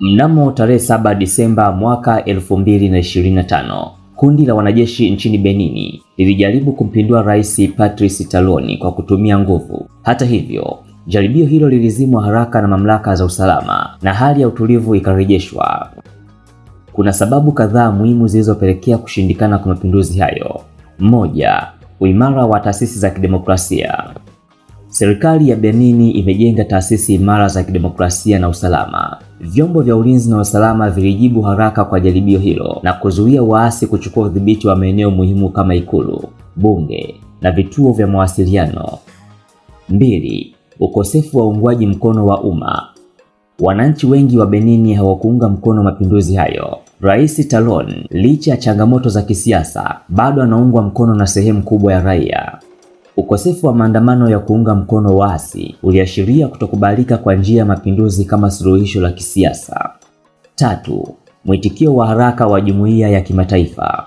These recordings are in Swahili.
Mnamo tarehe 7 Disemba mwaka 2025, kundi la wanajeshi nchini Benini lilijaribu kumpindua Rais Patrice Talon kwa kutumia nguvu. Hata hivyo, jaribio hilo lilizimwa haraka na mamlaka za usalama na hali ya utulivu ikarejeshwa. Kuna sababu kadhaa muhimu zilizopelekea kushindikana kwa mapinduzi hayo. Moja, uimara wa taasisi za kidemokrasia. Serikali ya Benini imejenga taasisi imara za kidemokrasia na usalama. Vyombo vya ulinzi na usalama vilijibu haraka kwa jaribio hilo na kuzuia waasi kuchukua udhibiti wa maeneo muhimu kama ikulu, bunge na vituo vya mawasiliano. Mbili, ukosefu wa uungwaji mkono wa umma. Wananchi wengi wa Benini hawakuunga mkono mapinduzi hayo. Rais Talon, licha ya changamoto za kisiasa, bado anaungwa mkono na sehemu kubwa ya raia. Ukosefu wa maandamano ya kuunga mkono waasi uliashiria kutokubalika kwa njia ya mapinduzi kama suluhisho la kisiasa. Tatu, mwitikio wa haraka wa jumuiya ya kimataifa.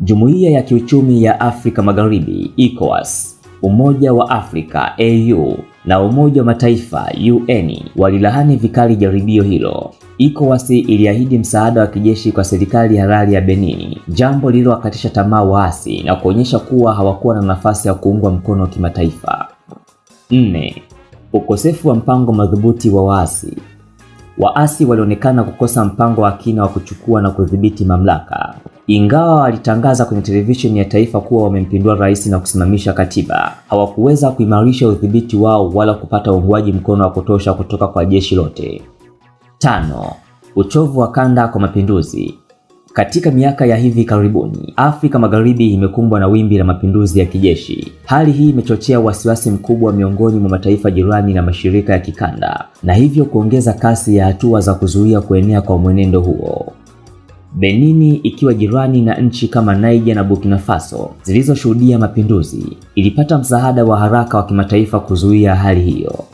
Jumuiya ya Kiuchumi ya Afrika Magharibi ECOWAS, Umoja wa Afrika AU na Umoja wa Mataifa UN walilaani vikali jaribio hilo. ECOWAS iliahidi msaada wa kijeshi kwa serikali halali ya Benin, jambo lililowakatisha tamaa waasi na kuonyesha kuwa hawakuwa na nafasi ya kuungwa mkono wa kimataifa. Nne, ukosefu wa mpango madhubuti wa waasi. Waasi walionekana kukosa mpango wa kina wa kuchukua na kudhibiti mamlaka. Ingawa walitangaza kwenye televisheni ya taifa kuwa wamempindua rais na kusimamisha katiba, hawakuweza kuimarisha udhibiti wao wala kupata uungwaji mkono wa kutosha kutoka kwa jeshi lote. Tano, uchovu wa kanda kwa mapinduzi. Katika miaka ya hivi karibuni, Afrika Magharibi imekumbwa na wimbi la mapinduzi ya kijeshi. Hali hii imechochea wasiwasi mkubwa miongoni mwa mataifa jirani na mashirika ya kikanda, na hivyo kuongeza kasi ya hatua za kuzuia kuenea kwa mwenendo huo. Benini ikiwa jirani na nchi kama Niger na Burkina Faso zilizoshuhudia mapinduzi, ilipata msaada wa haraka wa kimataifa kuzuia hali hiyo.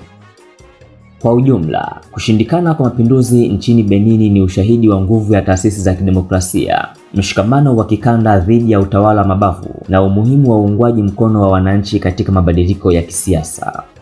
Kwa ujumla, kushindikana kwa mapinduzi nchini Benini ni ushahidi wa nguvu ya taasisi za kidemokrasia, mshikamano wa kikanda dhidi ya utawala mabavu na umuhimu wa uungwaji mkono wa wananchi katika mabadiliko ya kisiasa.